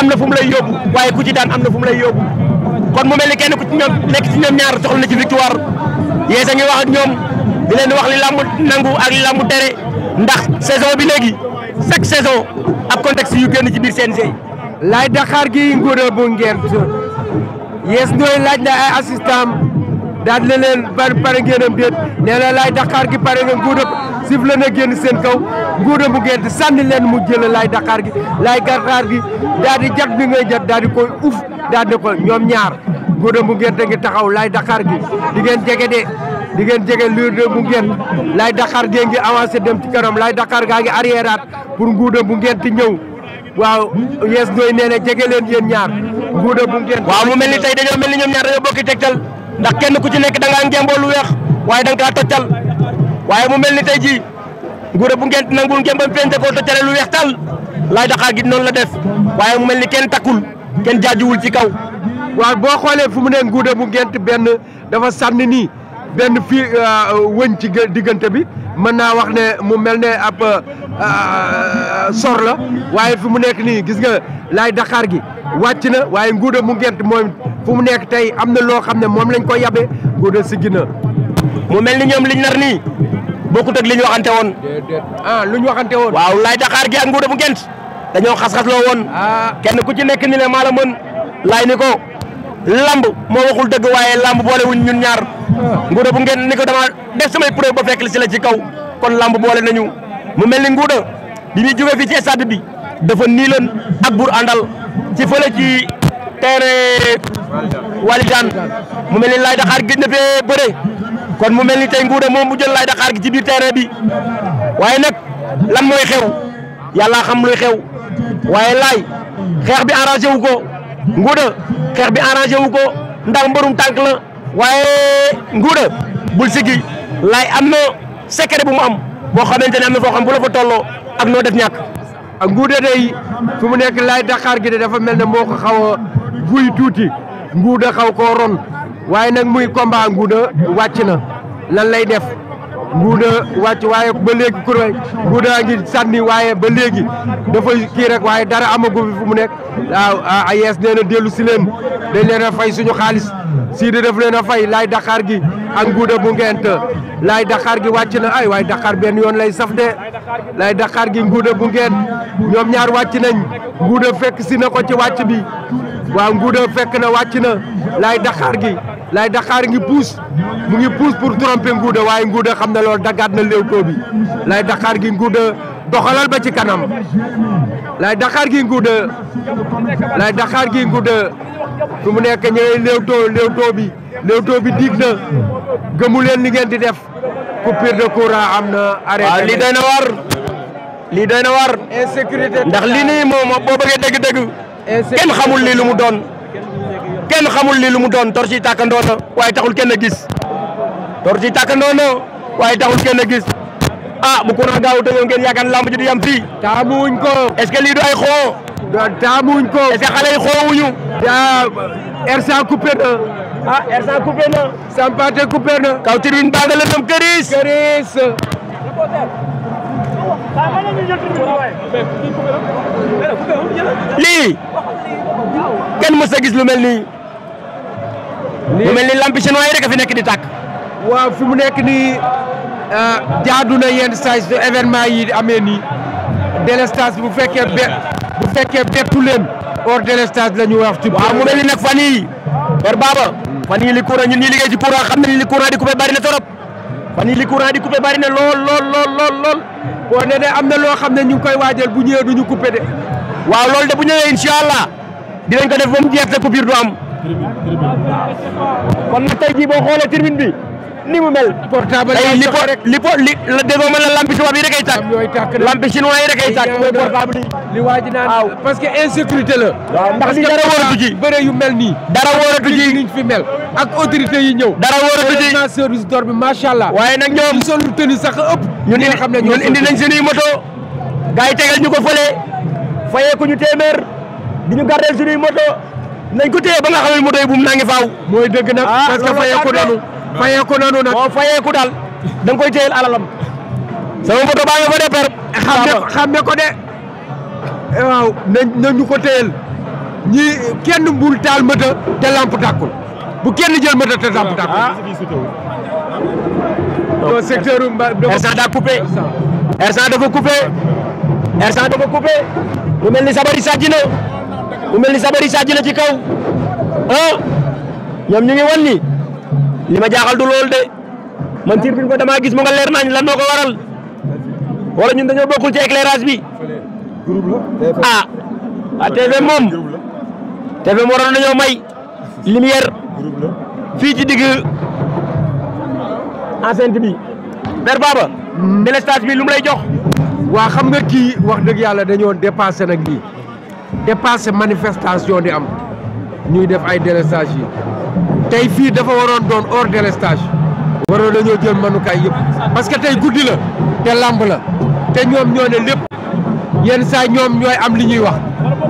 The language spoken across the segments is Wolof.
am na fu mu lay yóbbu waaye ku ci daan am na fu mu lay yóbbu kon mu mel ni kenn ku ci ñoom ñaar soxla na ci victoire Yessa ngi wax ñoom di leen wax li làmb nangu ak li làmb tere ndax saison bi léegi chaque saison ak contexte yu génn ci biir CNG. laay Dakar gi ngóor bu ngeen Yes Ndoye laaj na ay assistant daal di leen par pare ngeenam déet nee na laay Dakar gi pare nga nguudam sifle na génn seen kaw nguudam bu génn sànni leen mu jël laay Dakar gi laay Dakar gi daal di jat bi ngay jat daal di koy uf daal di ko ñoom ñaar nguudam bu génn ngi taxaw laay Dakar gi di ngeen jege de di ngeen jege luurde bu ngeen laay Dakar gee ngi avancé dem ti kanam laay Dakar gaa ngi arriéraat pour nguudam bu ngeen ti ñëw waaw yees doy nee na jege leen yéen ñaar nguudam bu ngeen waaw mu mel ni tey dañoo mel ni ñoom ñaar dañoo bokki tegtal ndax kenn ku ci nekk da ngaa ngemboo lu weex waaye da nga kaa toccal waaye mu mel ni tey jii bu nangul ngembam lu weex tal laay daxaar gi noonu la def waaye mu mel ni kenn takkul kenn jaajuwul ci kaw waaw boo xoolee fu mu ne nguude bu ngent benn dafa fii euh, wëñ ci diggante bi mën naa wax ne mu mel ne euh, euh, sor la waaye fi mu nekk nii gis nga laay daxaar gi wàcc na mu ngent fu mu nekk tey am na loo xam ne moom lañ ko yabe góor si ginna mu mel ni ñoom liñ nar nii bokkut ak li ñu waxante woon. ah lu ñu waxante woon. waaw laay Dakar gi ak nguur bu gent dañoo xas-xas loo woon. Ah. kenn ku ci nekk ni ne maa la mën laay ni ko lamb moo waxul dëgg waaye lamb boolewuñ ñun ñaar nguuda bu ngeen ni ko dama def samay preuve ba fekk li si la ci kaw kon lamb boole nañu mu mel ni nguuda bi muy jógee fii ci stade bi dafa niiloon ak bur àndal ci fële ci terrain walidaan mu mel ni Laye Dakar gëj na bëre kon mu mel ni tey nguuda moom mu jël laay Dakar gi ci biir terrain bi waaye nag lan mooy xew yàlla xam luy xew waaye Laye xeex bi arrangé wu ko nguuda xeex bi arrangé wu ko ndax mbërum tànk la waaye nguuda bul sigi Laye am na secret bu mu am boo xamante ne am na foo xam bu la fa tolloo ak noo def ñàkk. ak nguuda day fu mu nekk laay Dakar gi de dafa mel ne moo tuuti. nguuda xaw koo ron waaye nag muy combat nguuda wàcc na lan lay def nguuda wàcc waaye ba léegi kur nguuda ngi sànni waaye ba léegi dafa kii rek waaye dara amagu fi fu mu nekk a ayees nee na dellu si leen dañ leen a fay suñu xaalis sii di def leen a fay laay daqaar gi ak nguuda bu ngent lay daqaar gi wàcc na ay waaye daqaar benn yoon lay saf de laay daqaar gi nguuda bu ngent ñoom ñaar wàcc nañ nguuda fekk si na ko ci wàcc bi waaw Ngouda fekk na wàcc na laay Dakar gi laay Dakar ngi puus mu ngi puus pour tromper Ngouda waaye Ngouda xam na lool daggaat na léewtoo bi laay Dakar gi Ngouda doxalal ba ci kanam laay Dakar gi Ngouda laay Dakar gi Ngouda mu nekk ñu ngi léewtoo léewtoo bi léewtoo bi diig na gëmu leen li ngeen di def coupure de courant am na arrêté waaw lii doy na war lii doy na war insécurité ndax lii nii moom boo bëggee dëgg-dëgg kenn xamul lii lu mu doon kenn xamul lii lu mu doon tor ci tàkkandoo na waaye taxul kenn gis tor ci tàkkandoo na waaye taxul kenn gis ah bu courant gaaw te ñëw ngeen yaakaar lamb ji du yam fii. taamuwuñ ko. est-ce que lii ay xoo. taamuwuñ ko. est-ce que xale yaa R100 coupé na. ah r na. kaw tribune baa nga lëndëm këriis. lii kenn mës a gis lu mel nii. lu mel ni lampi chinois yi a fi nekk di tàkk. waaw fi mu nekk nii ah, jaadu na yenn saa su événement yi amee nii délestage bu fekkee be bu fekkee bettu leen hors délestage la ñu wax. ci waaw mu mel ni nag Baba. fan li courant ñun ñuy liggéey ci courant xam nañ li courant di coupé bari na torop. fan yii li courant di coupé bari na lool lool lool lool lool boo nee ne am na loo xam ne ñu ngi koy waajal bu ñëwee du ñu coupé de waaw loolu de bu ñëwee incha allah dinañ ko def ba mu jeex te du am kon nag tey jii boo xoolee bi. ni mu mel. li po li po li ma la lampi tubaab yi rekay tàkk. yooyu tàkk la lampi chinois yi rekay tàkk. mooy portable li waa naan waaw parce que insécurité la. waaw ndax li dara wóoratu ji yu mel nii. dara wóoratu ji niñ fi mel. ak autorité yi ñëw. dara wóoratu ji service d'ordre bi macha allah. waaye nag ñoom ñu solu tenue sax ëpp. ñun indi xam ne ñun indi nañ suñuy moto. gars yi tegal ñu ko fële. fayee ku ñu téeméer. di ñu gardeel suñuy moto. nañ ko téye ba nga xam ne moto yi bu mu nangi faaw. mooy dëgg nag ah, parce fayee ko noonu nag boo fayee ko daal da koy téyel alalam. sama moto baa nga de per. xam ne ko de. Eh, waaw nañ ñu ko téyel ñi kenn bul taal mëta te lamp tàkkul bu kenn jël mëta te lamp tàkkul. donc ah. secteur R100 daa coupé. R100 dafa coupé. r mu mel ni sabari sàcc na mu mel ni sabari sàcc na ci kaw ah. ñu ngi wan ni li ma jaaxal du loolu de man tiir bi ko damaa gis mu nga leer nañ lan moo ko waral wala ñun dañoo bokkul ci éclairage bi ah ah TV moom TV moom nañoo may lumière fii ci digg enceinte bi. Père Baba. délestage bi lu mu lay jox. waa xam nga kii wax dëgg yàlla dañoo dépassé nag lii dépassé manifestation di am ñuy def ay délestage yi. tey fii dafa waroon doon hors délestage waroon dañoo jël manukaay yëpp parce que tey guddi la te làmp la te ñoom ñoo ne lépp yenn saay ñoom ñooy am li ñuy wax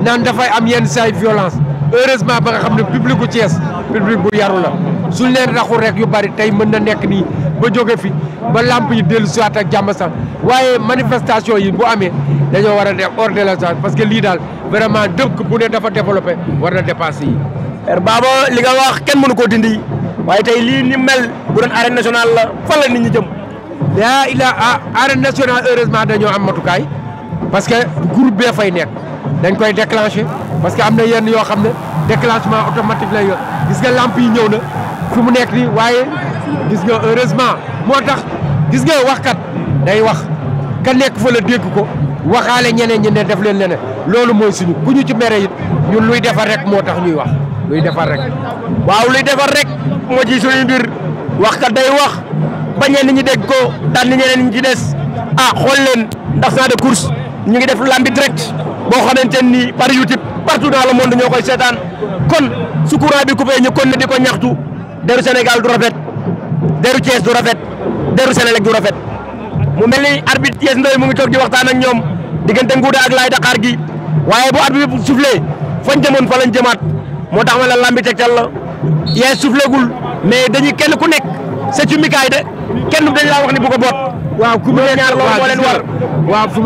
naan dafay am yenn saay violence heureusement ba nga xam ne public bu Thiès public bu yaru la suñ leen raxul rek yu bari tey mën na nekk nii ba jóge fi ba làmp yi dellu siwaat ak jàmm sax waaye manifestation yi bu amee dañoo war a def hors délestage parce que lii daal vraiment dëkk bu ne dafa développé war na dépassé yi Père er Baba li nga wax kenn mënu koo dindi waaye tey lii ni mel bu doon national nationale la fan la nit ñi jëm. yaa ila arène nationale heureusement dañoo am matukaay parce que groupe bee fay nekk dañ koy déclenché parce que am na yenn yoo xam ne déclenchement automatique lay yor gis nga lamp yi ñëw na fu mu nekk nii waaye gis nga heureusement moo tax gis nga kat day wax ka nekk fa la dégg ko waxaale ñeneen ñi ne def leen leneen loolu mooy suñu ku ñu ci mere it ñun luy defar moo tax ñuy wax. luy defar rek waaw luy defar rek moo ci suñu mbir wax ka day wax ba ñenn ñi dégg ko tànn ñeneen ñi ci des ah xool leen ndax saa de course ñu ngi def lambi direct boo xamante ni par youtube partout dans le monde ñoo koy kon su courant bi coupé ñu kon ne di ko ñaxtu deru sénégal du rafet deru thiès du rafet deru sénélec du rafet mu mel ni arbitre thiès ndoy mu ngi toog di waxtaan ak ñoom diggante nguuda ak laay daqaar gi waaye bu arbitre soufflé fañ jëmoon fa lañ jëmaat moo tax ma la lambi tegtal la yaay suufleegul mais dañuy kenn ku nekk sa ci mikaay de kenn dañ laa wax ni bu ko boot. waaw ku mu nekk loolu moo leen war. waaw fu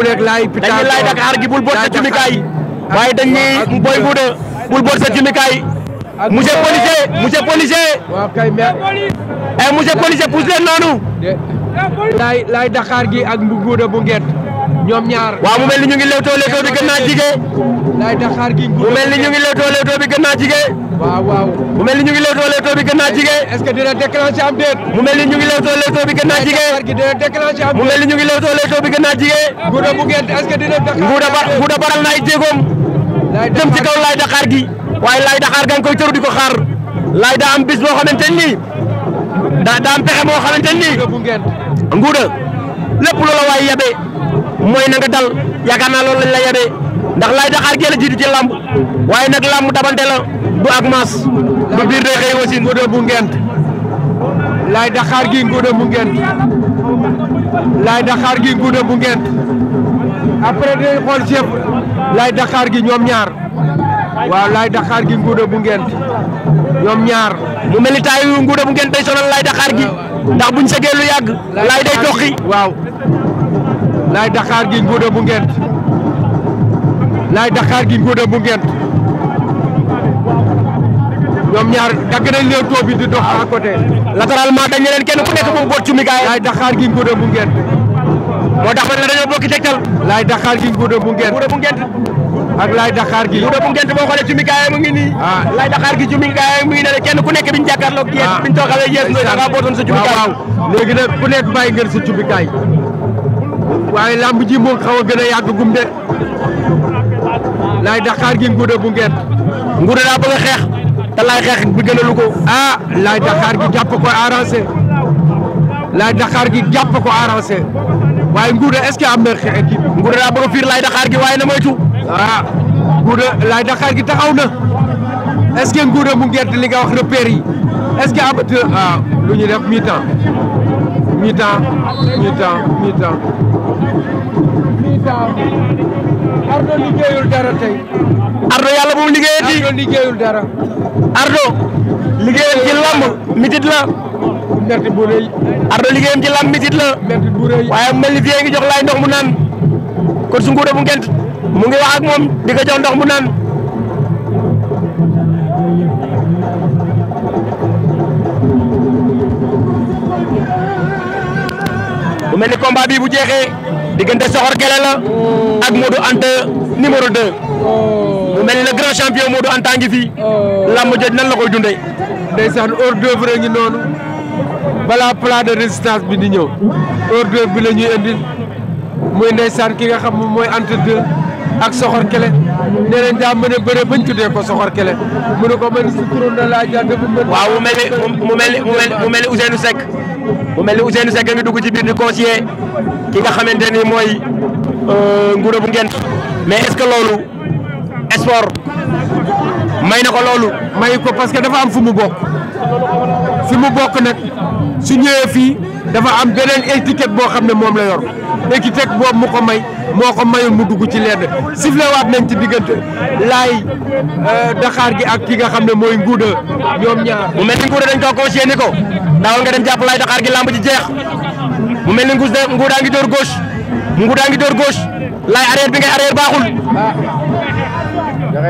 gi bul boot sa ci mikaay waaye dañuy booy nguuda bul boot sa ci mikaay yi. monsieur policier monsieur policier. waaw kay mais. Eh, noonu. laay laay gi ak nguuda bu ngeen. ñoom ñaar waaw mu mel ni ñu ngi lewtoo lewtoo bi gën naa jige lay mu mel ni ñu ngi lewtoo lewtoo bi gën naa jige waaw waaw mu mel ni ñu ngi lewtoo lewtoo bi gën naa jige est-ce que dina déclencher am déet mu mel ni ñu ngi lewtoo lewtoo bi gën naa jige mu mel ni ñu ngi lewtoo lewtoo bi gën naa jige nguuda baral na ay jéegoom lay daxaar gi waaye lay daxaar gan koy tëru di ko xaar lay daa am bis boo xamante ni daa daa am pexe boo xamante ni nguuda lépp loola waay yabe mooy na nga dal yaakaar naa loolu lañ la yebee ndax laay daxaar gee la jiitu ci làmb waaye nag làmb dabante la du ak maas bu biir day xëy aussi ngóodo bu ngent laay daxaar gi ngóodo bu ngent laay daxaar gi ngóodo bu ngent après day xool chef laay daxaar gi ñoom ñaar waaw laay daxaar gi nguuda bu ngent ñaar mu bu ngent sonal gi ndax buñ day doxi waaw laay Dakar gi nguuda bu ngent laay Dakar gi nguuda bu ngent ñoom ñaar dagg nañ leen taux bi di dox à côté. latéralement dañ leen kenn ku nekk moom boot ci mi gi nguuda bu ngent. moo tax man la dañoo bokki tegtal. laay gi nguuda bu ngent. nguuda bu ngent. ak laay gi. nguuda bu ngent boo xoolee ci mi mu ngi nii. Ah. laay Dakar gi ci mi gaay mu ngi ne kenn ku nekk biñ jàkkaarloog. waaw ah. yéen biñ toog xale yéen nga da ngaa bootoon sa jumikaay. waaye làmb ji moom xaw a gën a yàgg gum de laay daxaar gi nguuda bu ngeet nguuda daa bëgg a xeex te laay xeex bi gën a lu ko ah laay daxaar gi jàpp ko arrangé laay daxaar gi jàpp ko arrangé waaye nguuda est-ce que am na xeex gi nguuda daa bëgg a fiir laay daxaar gi waaye na moytu ah nguuda laay daxaar gi taxaw na est-ce que nguuda bu ngeet li nga wax repère yi est-ce que am ah lu ñu def mi temps mi-temps mi-temps mi-temps mi-temps Ardo liggéeyul dara tey Ardo yàlla bu mu liggéeyati Ardo liggéeyul dara Ardo liggéeyam ci lamb mitit la metti bu rëy Ardo liggéeyam ci lamb mitit la metti bu rëy waaye mel ni fii ngi jox laay ndox mu naan kon su nguuda bu ngent mu ngi wax ak moom di ko jox ndox mu naan mu mel ni combat bii bu jeexee diggante Soxor Gele la ak Modou Anta numéro 2 mu mel ni le grand champion Modou Anta ngi fi làmb joj nan la koy dundee. ndeysaan hors d'œuvre ngi noonu balaa plat de résistance bi di ñëw hors bi la ñuy indil muy ndeysaan ki nga xam moom mooy Anta 2 ak Soxor Kele nee nañ daa mën a bëre bañ tuddee ko Soxor Kele mu ne ko man si turam na laa jaar dafa mën. waaw mu mel ni mu mel ni mu mel ni Ousseynou Seck. mu mel ni Ousseynou Seck ngi dugg ci biir di ki nga xamante ni mooy euh, nguro bu ngeen mais est-ce que loolu sport may ne ko loolu may ko parce que dafa am fu mu bokk si mu bokk nag si ñëwee fii dafa am beneen étiquette boo xam ne moom la yor étiquette boobu mu ko may moo ko mayul mu dugg ci leer lenn siflewaat nañ ci diggante laay euh, daxaar gi ak ki nga xam ne mooy nguuda ñoom ñaar. mu mel ni nguuda dañ koo conseillé ni ko daawal nga dem jàpp laay daxaar gi lamb ji jeex mu mel ni nguuda nguuda ngi door gauche nguuda ngi door gauche laay arrière bi ngay arrière baaxul. da lii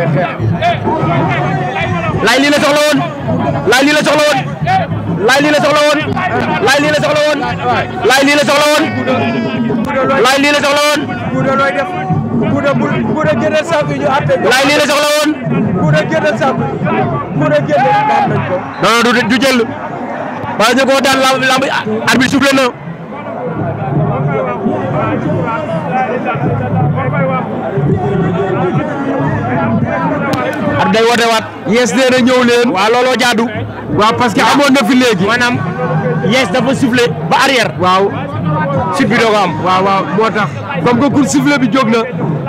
la soxla woon lii la soxla woon lii la soxla woon lii la soxla woon lii la soxla woon lii la soxla woon. Gouda bu Gouda ko. daan lamb lamb arbitre na. day woote waat. Yes nee na ñëw leen. waaw looloo jaadu. waaw parce que amoon na fi léegi. maanaam Yes dafa soufflé ba arrière. waaw sud bi doo am. waaw moo tax comme que kur soufflé bi jóg na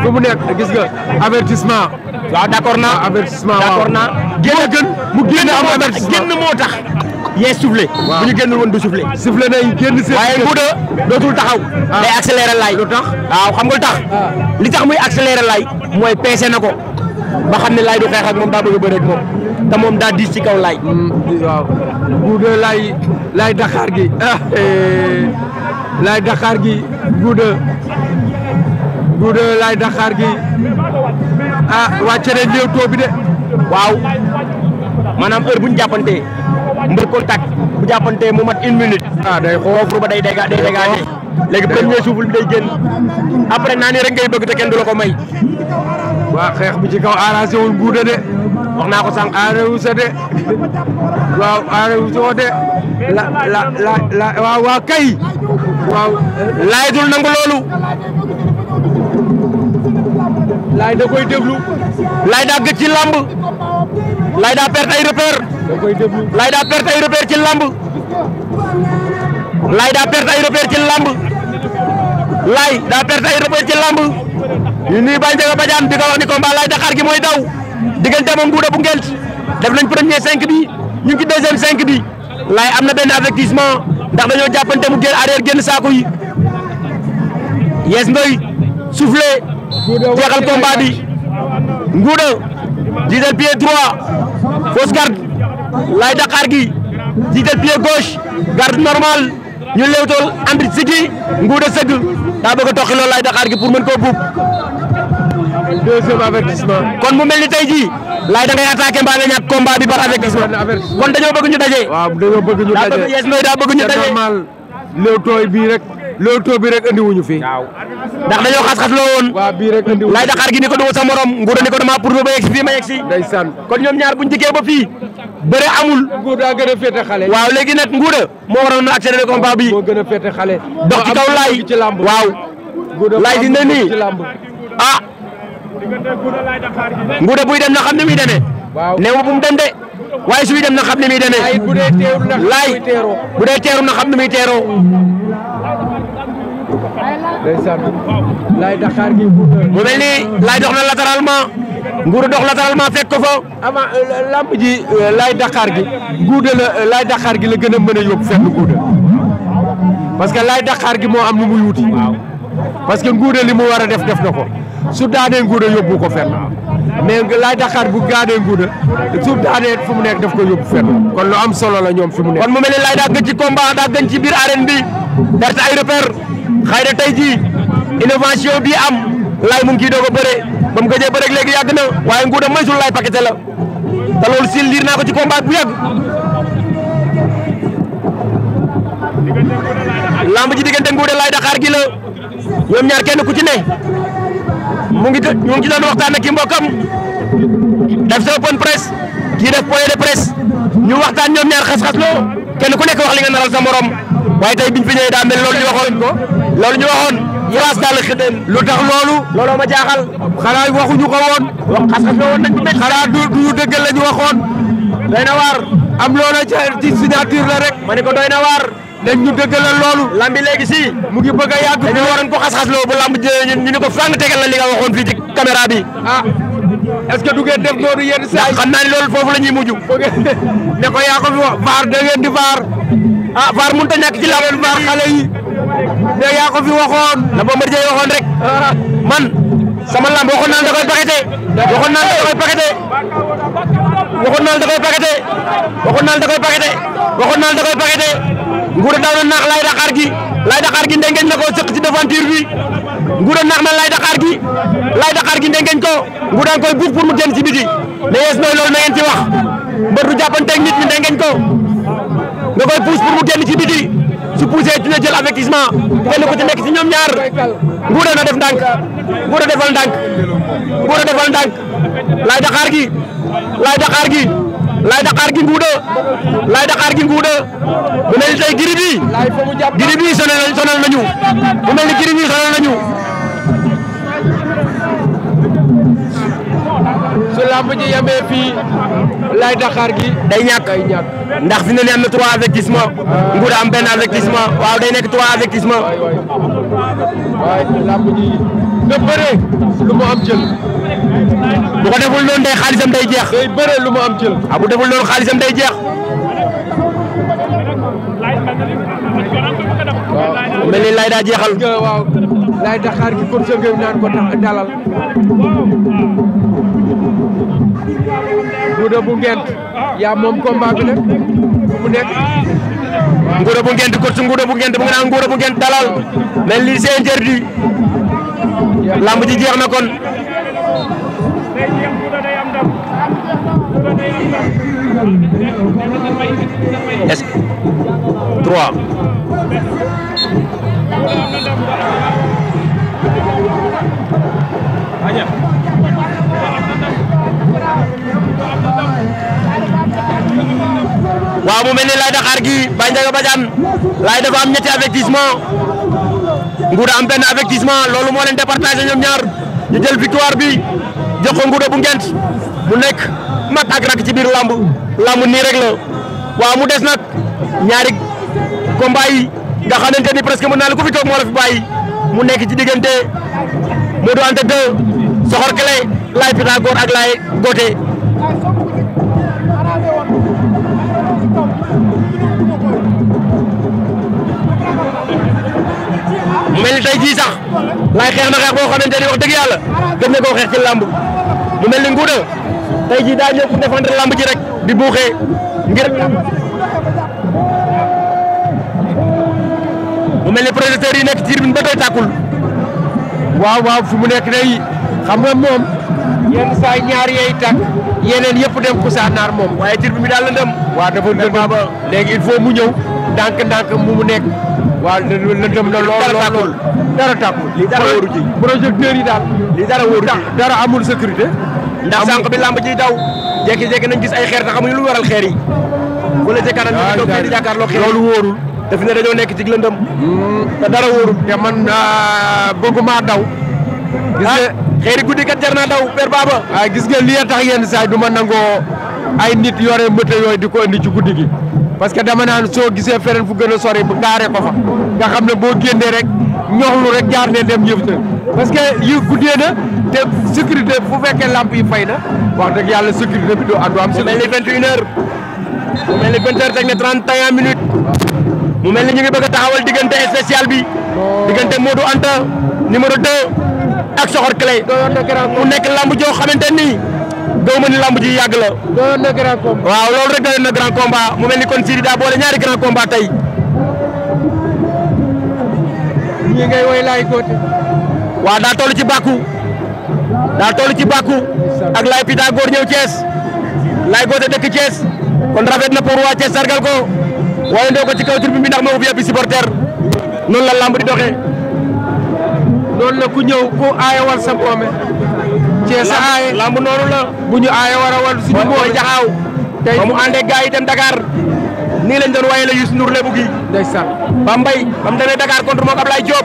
fu mu nekk gis nga avertissement. waaw d'accord naa ah, avertissement waaw génn mu génn am avertissement génn moo tax. Yes soufflé. waaw ñu génn woon du soufflé. soufflé day génn seen. waaye Ngouda dootul taxaw. Ah. day accéléré laay. lu tax waaw xam nga lu tax. Ah. li tax muy accéléré mooy peese na ko. ba xam ne laay du xeex ak moom daa bëgg a bëre ak moom te moom daa diis ci kaw laay. Mm, waaw guuda laay laay Dakar gi laay Dakar gi guuda guuda laay Dakar gi ah wàcce na léewtoo bi de waaw maanaam heure bu ñu jàppantee mbër contact bu jàppantee mu mat une minute. ah day xoox ba day dégg day dégg léegi premier souffle day génn après naa rek ngay bëgg te kenn du la ko may waa xeex bi ci kaw arrangé wul guuda de wax ko sànq arrangé wu sa de waaw arrangé wu soo de la la la la kay waaw laay dul nangu loolu laay da koy déglu laay daa gëj ci lamb laay daa perte ay repère da perte ay repère ci lamb perte ay repère ci lamb perte ay repère ci lamb ini nuyu Baye Ndiaga Badiane di ko wax ni combat Laye Dakar gi mooy daw diggante moom Ngouda bu Nguel def nañ premier 5 bi ñu ngi ci deuxième 5 bi Laye am na avertissement ndax dañoo jàppante mu génn arrière génn saako yi Yes Ndoye soufflé jeexal combat bi Ngouda jiital pied droit fausse garde Laye Dakar gi jiital pied gauche garde normal ñu lewtol andrit sigi Ngouda sëgg daa bëgg a toqi loolu lay Dakar gi pour mën koo buub. deuxième avertissement. kon mu mel ni tey jii. laay da ngay attaqué mbaa nga ñàkk combat bi par avertissement. kon dañoo bëgg ñu daje. waaw dañoo bëgg ñu daje daa bëgg wuñu fi. ndax dañoo xas-xas loo woon. gi ni ko dugg sa morom. ni ko dama pour ba yegsi fii ma yegsi. ndeysaan kon ñoom ñaar buñu dikkee ba fii bëre amul. nguuda gën a xale. waaw léegi nag nguuda moo waroon na accéléré combat bi. moo gën a féete xale. dox ci kaw laay waaw. nguuda laay dina nii ah. nguuda buy dem na xam ne muy demee. waaw néew bu mu dem de. waaye suy dem na xam ne muy demee. laay bu dee teeru na bu na xam ne muy teeroo. Nguuru dox latéralement fekk ko fa. avant euh, lamb ji euh, laay Dakar gi guuda la euh, laay Dakar gi la gën a mën a yóbbu fenn guuda parce que laay Dakar gi moo am lu muy wuti. parce que nguuda li mu war def def na ko su daanee nguuda yóbbu ko fenn. mais laay Dakar bu gaadee nguuda suuf daanee fu mu nekk def ko yóbbu fenn. kon lu am solo la ñoom fi mu nekk. kon mu mel ni laay daa gën ci daa gën biir arène bi perte ay repère xëy na tey jii innovation bi am laay mu ngi doog a bëre ba mu gëjee ba rek léegi yàgg na waaye nguuram maysul laay pakete la te loolu si liir naa ko ci combat bu yàgg. lamb ji diggante nguude laay Dakar gi la ñoom ñaar kenn ku ci ne mu ngi ñu ngi ci doon waxtaan ak ki mbokkam def sa open presse kii def point de presse ñu waxtaan ñoom ñaar xas-xas loo kenn ku nekk wax li nga naral sa morom waaye tey biñ fi ñëwee daa ñu waxoon. Fass Balla lu tax loolu looloo ma jaaxal xanaa waxuñu ko woon wax xas la woon nañ ci xanaa du du dëgg la ñu waxoon doy na waar am loola ci signature la rek ma ne ko doy na waar nañ ñu dëggalal loolu lambi léegi si mu ngi bëgg a yàgg dañu ko xas-xas loo bu lamb jëlee ñu ne ko fang tegal la li nga waxoon fii ci caméra bi ah est-ce du ngeen def noonu yenn saa yi xam naa foofu la ñuy mujj ne ko yaa ko fi wax vaar da ngeen di vaar ah vaar mënut a ñàkk ci lamb vaar xale yi mais yaa ko fi waxoon la Bombardier waxoon rek man sama lamb waxoon naa da koy paqueté waxoon naa da koy paqueté waxoon naa da koy paqueté waxoon naa da koy paqueté waxoon da koy na naax lay Dakar gi lay Dakar gi ndengeñ na ko sëq ci devanture bi nguur naax na lay Dakar gi lay Dakar gi ndengeñ ko nguur daan koy buux pour mu génn ci biti mais yees nooy loolu na ngeen ci wax mbër du jàppanteeg nit ñi ko nga koy pousse pour mu génn ci biti su poussé dina jël avertissement kenn ku ci nekk si ñoom ñaar nguur na def ndànk nguur a defal ndànk nguur a defal ndànk laay daxaar gi laay daxaar gi laay da gi nguuda laay daxaar gi nguuda mu mel ni tey giri bi giri bi sonal sonal nañu mu mel ni giri bi sonal nañu su làmb ji yemee fii lay Dakar gi. day ñàkk day ñàkk ndax fi ne nii am na trois am benn avertissement waaw day nekk trois avertissement. waay làmb ji nga bëre lu mu am jël. bu ko deful noonu day xaalisam day jeex. day bëre lu mu am ah, day jeex. laay Dakar gi kon sëñ bi naan ko tax dalal Ngouda bu Ngent yaa moom combat bi nag fu mu nekk. Ngouda bu Ngent kon su Ngouda bu Ngent mu ngi naan Ngouda bu Ngent dalal mais lii c'est lamb ji jeex na kon. Hanya. waaw mu mel ni Laye Dakar gi Baye Ndiaga Badiane Laye dafa am ñetti avertissement Ngouda am benn avertissement nyar. moo leen départagé ñoom ñaar ñu jël victoire bi jox ko Ngouda bu ngent mu nekk mat ak rak ci biir lamb lamb nii rek la waaw mu des nag ñaari combat yi nga presque la fi la fi mu nekk ci diggante Modou Anta 2 Soxor Clé Laye Pythagore ak Laye Goté mu mel ni tey jii sax Laye xeex na xeex boo xamante ni wax dëgg yàlla gën na koo xeex ci làmb mu mel ni nguuda tey jii daa ñëw pour défendre làmb ji rek di buuxee ngir. mu mel ne prédateurs yi nekk ci tribune ba tey tàkkul waaw waaw fu mu nekk day xam nga moom yenn saa ñaar yeey tàkk yeneen yëpp dem naar moom waaye tribune bi daal la dem waaw dafa lëndëm léegi il faut mu ñëw ndànk-ndànk mu mu nekk waaw lëndëm na lool dara tàkkul dara tàkkul li dara wóoru projecteur yi daal li dara wóoru ji dara amul sécurité ndax sànq bi lamb ji daw jékki-jékki nañ gis ay xeer te xamuñu lu waral xeer yi wala ca kanam ñu ngi ah, toog di jàkkaarloo xeer daf ne dañoo nekk ci lëndëm te dara wóorul te man ah, bëgguma daw gis nga ah. xeeri guddi kat jar naa daw père Baba waaw ah, gis nga li tax yenn saay du ma nangoo ay nit yore mbëte yooyu di ko indi ci guddi gi parce que dama naan soo gisee fereen fu gën a sori bu gaaree ko fa nga xam ne boo génnee rek ñoxlu rek jaar ne dem yëf parce que yu guddee na te sécurité fu fekkee lamp yi fay na wax dëgg yàlla sécurité bi du am. su mel ni 21 heures su mel ni 20 mu yang ni ñu ngi bëgg taxawal spécial bi diggante Modou Anta numéro 2 ak Soxor Clé mu nekk lamb joo xamante ni doo mën ni lamb ji yàgg la. doyoon na grand combat waaw loolu rek doyoon na grand combat mu mel ni kon Sidi daa boole ñaari grand combat tey. ñi ngay ci ci ak kon rafet na pour sargal ko. waaye ndoo ko ci kaw tribune bi ndax moo ko fi yàbbi supporter noonu la lamb di doxee noonu la ku ñëw ku aayawal sa mboome cee aaye lamb noonu la bu ñu aaye war a wal suñu mooy jaxaaw tey mu àndee gars yi dem nii lañ doon waaye la Youssou Ndour le buggi ndeysaan ba mbay bam demee Dakar contre moog Ablaye Diop